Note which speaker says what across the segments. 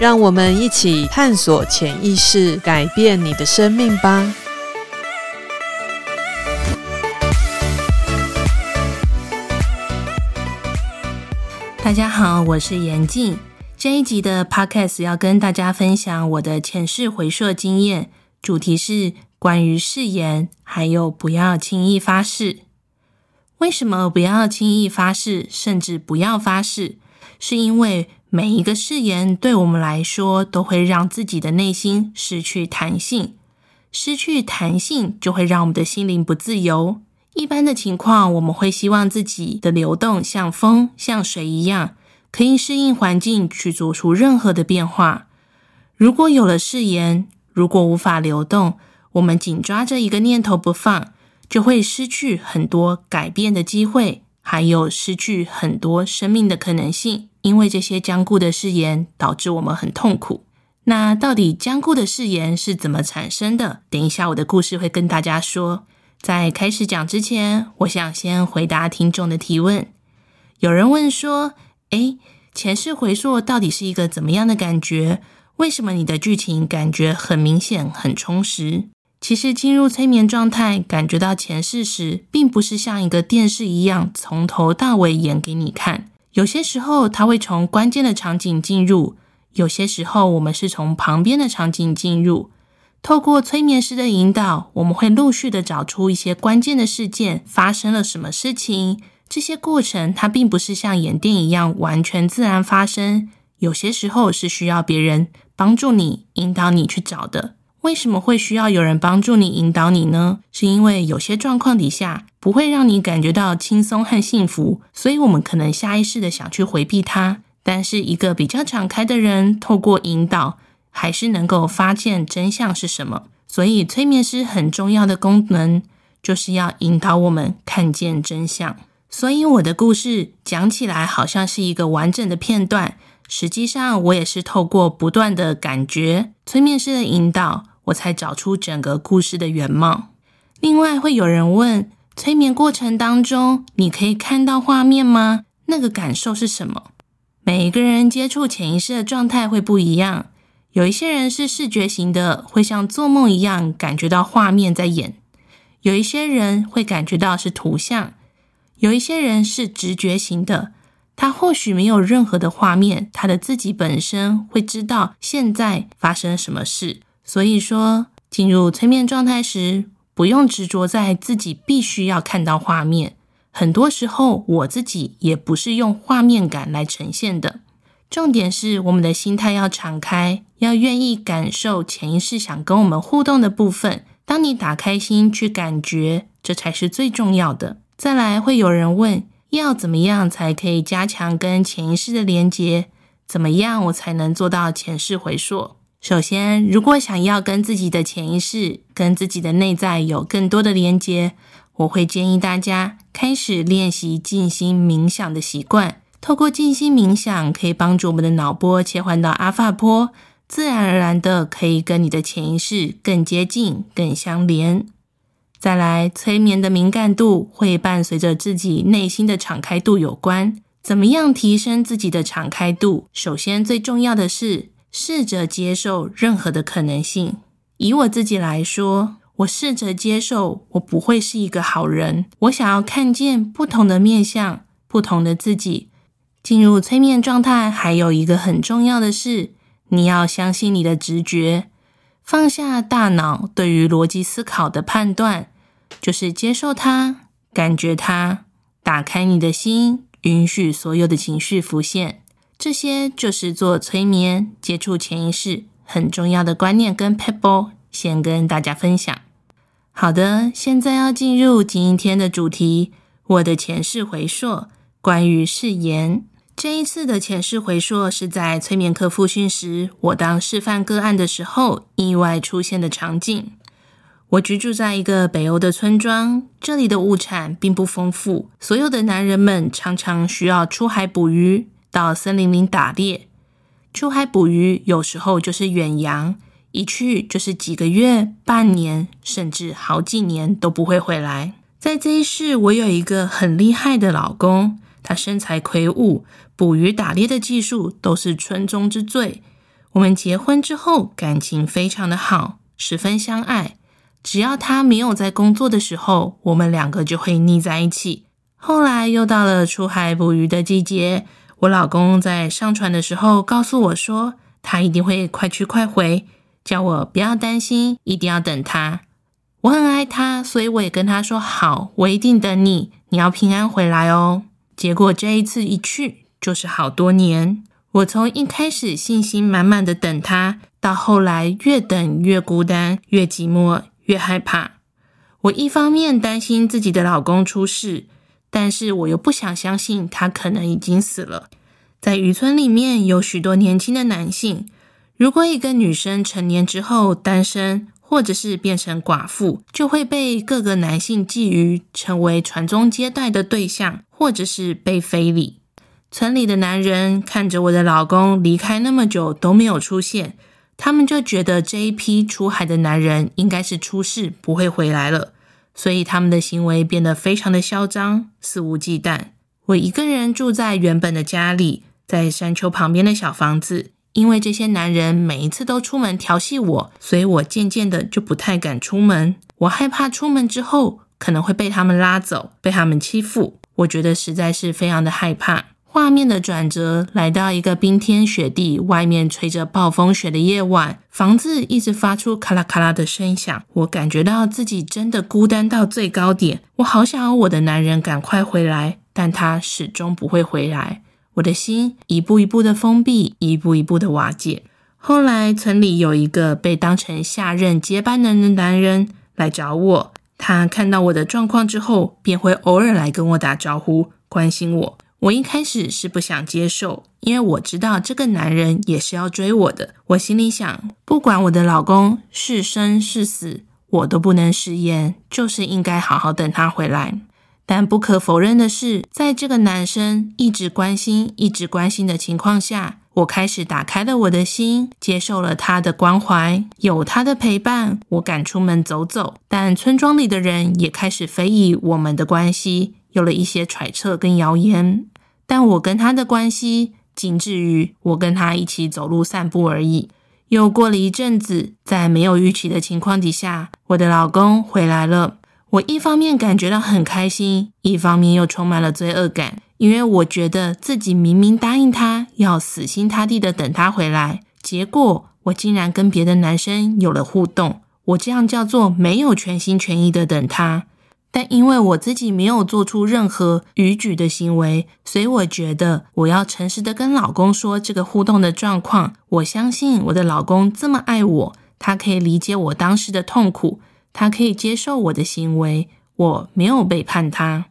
Speaker 1: 讓我們一起探索潛意識，改變你的生命吧！大家好，我是妍靜。這一集的 Podcast 要跟大家分享我的前世回溯經驗，主題是關於誓言，還有不要輕易發誓。為什麼不要輕易發誓，甚至不要發誓？是因為。每一個誓言對我們來說，都會讓自己的內心失去彈性。失去彈性，就會讓我們的心靈不自由。一般的情況，我們會希望自己的流動像風、像水一樣，可以適應環境，去做出任何的變化。如果有了誓言，如果無法流動，我們緊抓着一個念頭不放，就會失去很多改變的機會，還有失去很多生命的可能性。因為這些堅固的誓言導致我們很痛苦。那到底堅固的誓言是怎麼產生的？等一下，我的故事會跟大家說。在開始講之前，我想先回答聽眾的提問。有人問說：“哎，前世回溯到底是一個怎麼樣的感覺？為什麼你的劇情感覺很明顯、很充實？”其實進入催眠狀態，感覺到前世時，並不是像一個電視一樣從頭到尾演給你看。有些時候，它會從關鍵的場景進入；有些時候，我們是從旁邊的場景進入。透過催眠師的引導，我們會陸續的找出一些關鍵的事件發生了什麼事情。這些過程，它並不是像演電影一樣完全自然發生，有些時候是需要別人幫助你、引導你去找的。為什麼會需要有人幫助你、引導你呢？是因為有些狀況底下不會讓你感覺到輕鬆和幸福，所以我們可能下意識的想去回避它。但是一個比較敞開的人，透過引導，還是能夠發現真相是什麼。所以，催眠師很重要的功能就是要引導我們看見真相。所以，我的故事講起來好像是一個完整的片段，實際上我也是透過不斷的感覺催眠師的引導。我才找出整個故事的原貌。另外，會有人問：催眠過程當中，你可以看到畫面嗎？那個感受是什麼？每一個人接觸潛意識的狀態會不一樣。有一些人是視覺型的，會像做夢一樣感覺到畫面在演；有一些人會感覺到是圖像；有一些人是直覺型的，他或許沒有任何的畫面，他的自己本身會知道現在發生什麼事。所以說，進入催眠狀態時，不用執着在自己必須要看到畫面。很多時候，我自己也不是用畫面感來呈現的。重點是我們的心態要敞開，要願意感受潛意識想跟我們互動的部分。當你打開心去感覺，這才是最重要的。再來，會有人問，要怎麼樣才可以加強跟潛意識的連結？怎麼樣我才能做到前世回溯？首先，如果想要跟自己的潛意識、跟自己的內在有更多的連接，我會建議大家開始練習靜心冥想的習慣。透過靜心冥想，可以幫助我們的腦波切換到阿爾法波，自然而然的可以跟你的潛意識更接近、更相連。再來，催眠的敏感度會伴隨着自己內心的敞開度有關。怎麼樣提升自己的敞開度？首先，最重要的是，試着接受任何的可能性。以我自己來說，我試着接受我不會是一個好人。我想要看見不同的面相，不同的自己。進入催眠狀態，還有一個很重要的事，你要相信你的直覺，放下大腦對於邏輯思考的判斷，就是接受它，感覺它，打開你的心，允許所有的情緒浮現。這些就是做催眠接觸潛意識很重要的觀念跟 pebble，先跟大家分享。好的，現在要進入今天的主題——我的前世回溯。關於誓言，這一次的前世回溯是在催眠課複訓時，我當示範個案的時候意外出現的場景。我居住在一個北歐的村莊，這裡的物產並不豐富，所有的男人們常常需要出海捕魚。到森林裡打獵，出海捕魚，有時候就是遠洋，一去就是幾個月、半年，甚至好幾年都不會回來。在這一世，我有一個很厲害的老公，他身材魁梧，捕魚打獵的技術都是村中之最。我們結婚之後，感情非常的好，十分相愛。只要他沒有在工作的時候，我們兩個就會膩在一起。後來又到了出海捕魚的季節。我老公在上船的時候告訴我說，他一定會快去快回，叫我不要擔心，一定要等他。我很愛他，所以我也跟他說好，我一定等你，你要平安回來哦。結果這一次一去就是好多年。我從一開始信心滿滿的等他，到後來越等越孤單，越寂寞，越害怕。我一方面擔心自己的老公出事。但是我又不想相信他可能已經死了。在漁村裡面有許多年輕的男性，如果一個女生成年之後單身，或者是變成寡婦，就會被各個男性覬覦，成為傳宗接代的對象，或者是被非禮。村裡的男人看着我的老公離開那麼久都沒有出現，他們就覺得這一批出海的男人應該是出事不會回來了。所以他們的行為變得非常的囂張、肆無忌憚。我一個人住在原本的家裡，在山丘旁邊的小房子。因為這些男人每一次都出門調戲我，所以我漸漸的就不太敢出門。我害怕出門之後可能會被他們拉走，被他們欺負。我覺得實在是非常的害怕。畫面的轉折，來到一個冰天雪地，外面吹着暴風雪的夜晚，房子一直發出咔啦咔啦的聲響。我感覺到自己真的孤單到最高點，我好想要我的男人趕快回來，但他始終不會回來。我的心一步一步的封閉，一步一步的瓦解。後來，村裡有一個被當成下任接班人的男人來找我，他看到我的狀況之後，便會偶爾來跟我打招呼，關心我。我一開始是不想接受，因為我知道這個男人也是要追我的。我心裡想，不管我的老公是生是死，我都不能食言，就是應該好好等他回來。但不可否認的是，在這個男生一直關心、一直關心的情況下，我開始打開了我的心，接受了他的關懷，有他的陪伴，我敢出門走走。但村莊裡的人也開始非議我們的關係。有了一些揣測跟謠言，但我跟他的關係僅止於我跟他一起走路散步而已。又過了一陣子，在沒有預期的情況底下，我的老公回來了。我一方面感覺到很開心，一方面又充滿了罪惡感，因為我覺得自己明明答應他要死心塌地的等他回來，結果我竟然跟別的男生有了互動。我這樣叫做沒有全心全意的等他。但因為我自己沒有做出任何逾矩的行為，所以我覺得我要誠實的跟老公說這個互動的狀況。我相信我的老公這麼愛我，他可以理解我當時的痛苦，他可以接受我的行為，我沒有背叛他。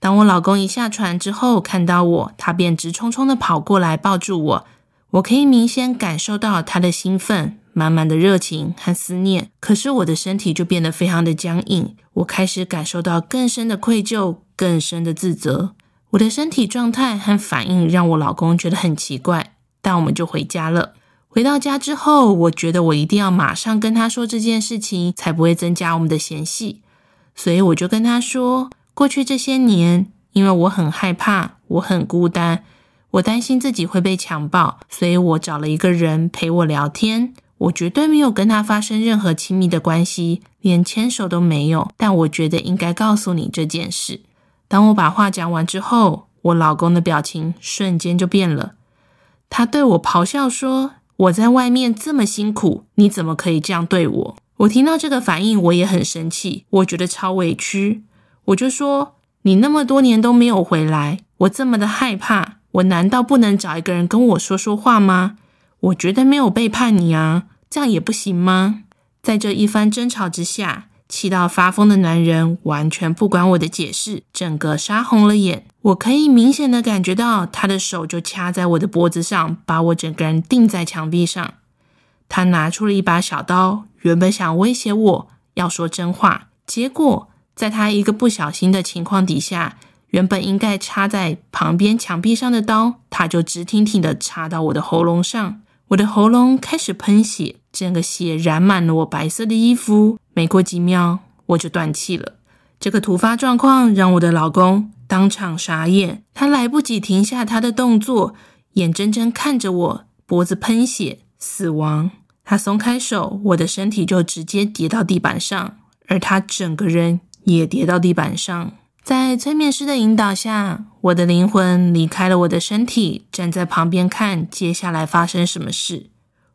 Speaker 1: 當我老公一下船之後看到我，他便直衝衝的跑過來抱住我，我可以明顯感受到他的興奮。滿滿的熱情和思念，可是我的身體就變得非常的僵硬，我開始感受到更深的愧疚，更深的自責。我的身體狀態和反應讓我老公覺得很奇怪，但我們就回家了。回到家之後，我覺得我一定要馬上跟他說這件事情，才不會增加我們的嫌隙。所以我就跟他說，過去這些年，因為我很害怕，我很孤單，我擔心自己會被強暴，所以我找了一個人陪我聊天。我絕對沒有跟他發生任何親密的關係，連牽手都沒有。但我覺得應該告訴你這件事。當我把話講完之後，我老公的表情瞬間就變了，他對我咆哮說：“我在外面這麼辛苦，你怎麼可以這樣對我？”我聽到這個反應，我也很生氣，我覺得超委屈。我就說：“你那麼多年都沒有回來，我這麼的害怕，我難道不能找一個人跟我說說話嗎？”我覺得沒有背叛你啊，這樣也不行嗎？在這一番爭吵之下，氣到發瘋的男人完全不管我的解釋，整個殺紅了眼。我可以明顯的感覺到他的手就掐在我的脖子上，把我整個人釘在牆壁上。他拿出了一把小刀，原本想威脅我要說真話，結果在他一個不小心的情況底下，原本應該插在旁邊牆壁上的刀，他就直挺挺的插到我的喉嚨上。我的喉嚨開始噴血，整個血染滿了我白色的衣服。沒過幾秒，我就斷氣了。這個突發狀況讓我的老公當場傻眼，他來不及停下他的動作，眼睜睜看着我脖子噴血死亡。他鬆開手，我的身體就直接跌到地板上，而他整個人也跌到地板上。在催眠師的引導下，我的靈魂離開了我的身體，站在旁邊看接下來發生什麼事。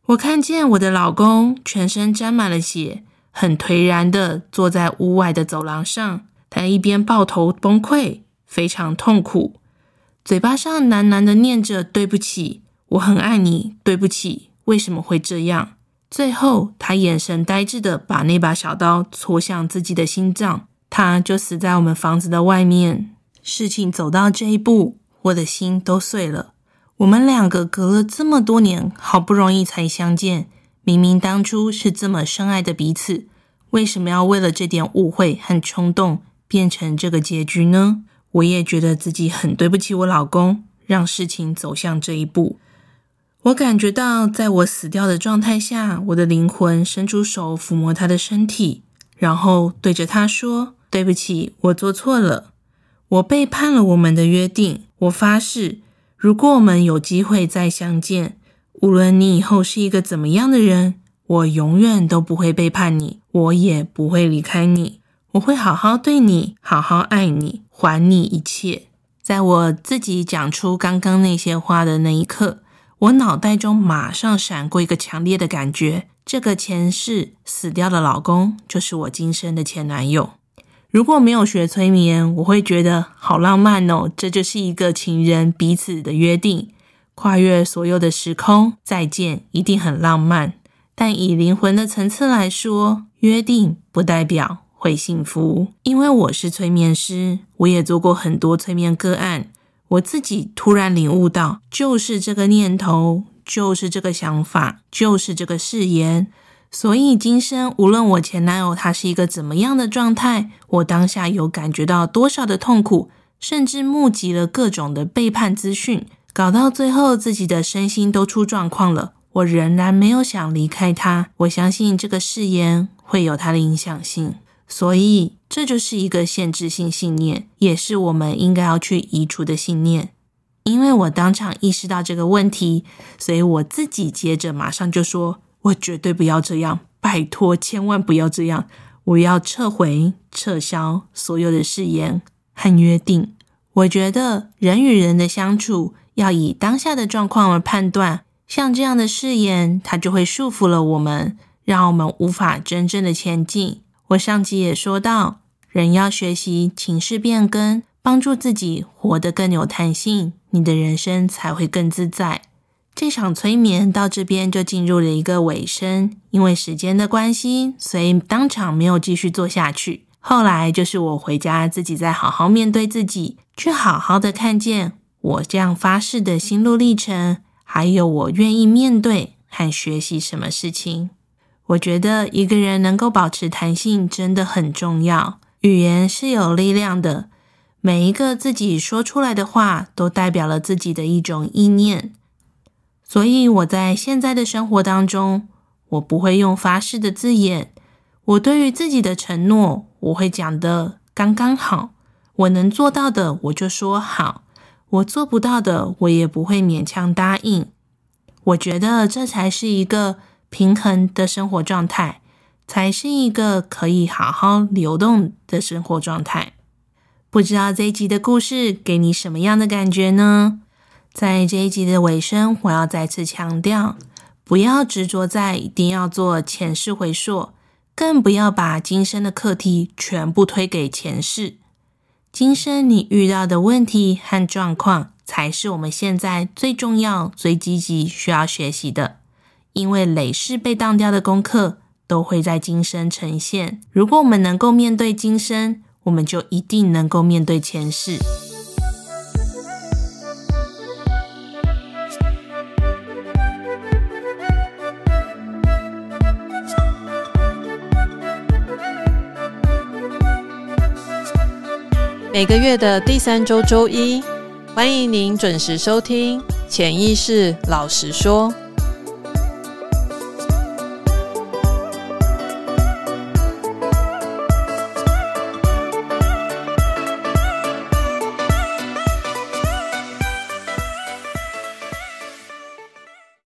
Speaker 1: 我看見我的老公全身沾滿了血，很頹然地坐在屋外的走廊上，他一邊抱頭崩潰，非常痛苦，嘴巴上喃喃地念着“對不起，我很愛你，對不起，為什麼會這樣”。最後，他眼神呆滯地把那把小刀戳向自己的心臟。他就死在我們房子的外面。事情走到這一步，我的心都碎了。我們兩個隔了這麼多年，好不容易才相見，明明當初是這麼深愛的彼此，為什麼要為了這點誤會和衝動變成這個結局呢？我也覺得自己很對不起我老公，讓事情走向這一步。我感覺到，在我死掉的狀態下，我的靈魂伸出手撫摸他的身體，然後對着他說。對不起，我做錯了，我背叛了我們的約定。我發誓，如果我們有機會再相見，無論你以後是一個怎麼樣的人，我永遠都不會背叛你，我也不會離開你。我會好好對你，好好愛你，還你一切。在我自己講出剛剛那些話的那一刻，我腦袋中馬上閃過一個強烈的感覺，這個前世死掉的老公就是我今生的前男友。如果沒有學催眠，我會覺得好浪漫哦！這就是一個情人彼此的約定，跨越所有的時空，再見一定很浪漫。但以靈魂的層次來說，約定不代表會幸福，因為我是催眠師，我也做過很多催眠個案，我自己突然領悟到，就是這個念頭，就是這個想法，就是這個誓言。所以今生，無論我前男友他是一個怎麼樣的狀態，我當下有感覺到多少的痛苦，甚至募集了各種的背叛資訊，搞到最後自己的身心都出狀況了，我仍然沒有想離開他。我相信這個誓言會有它的影響性，所以這就是一個限制性信念，也是我們應該要去移除的信念。因為我當場意識到這個問題，所以我自己接着馬上就說。我絕對不要這樣，拜托，千萬不要這樣！我要撤回、撤銷所有的誓言和約定。我覺得人與人的相處要以當下的狀況而判斷，像這樣的誓言，它就會束縛了我們，讓我們無法真正的前進。我上集也說到，人要學習情緒變更，幫助自己活得更有彈性，你的人生才會更自在。這場催眠到這邊就進入了一個尾聲，因為時間的關係，所以當場沒有繼續做下去。後來就是我回家自己再好好面對自己，去好好的看見我這樣發誓的心路歷程，還有我願意面對和學習什麼事情。我覺得一個人能夠保持彈性真的很重要。語言是有力量的，每一個自己說出來的話，都代表了自己的一種意念。所以我在現在的生活當中，我不會用發誓的字眼。我對於自己的承諾，我會講得剛剛好。我能做到的，我就說好；我做不到的，我也不會勉強答應。我覺得這才是一個平衡的生活狀態，才是一個可以好好流動的生活狀態。不知道這一集的故事給你什麼樣的感覺呢？在這一集的尾聲，我要再次強調，不要執着在一定要做前世回溯，更不要把今生的課題全部推給前世。今生你遇到的問題和狀況，才是我們現在最重要、最積極需要學習的。因為累世被當掉的功課，都會在今生呈現。如果我們能夠面對今生，我們就一定能夠面對前世。每個月的第三周周一，歡迎您準時收聽《潛意識老實說》。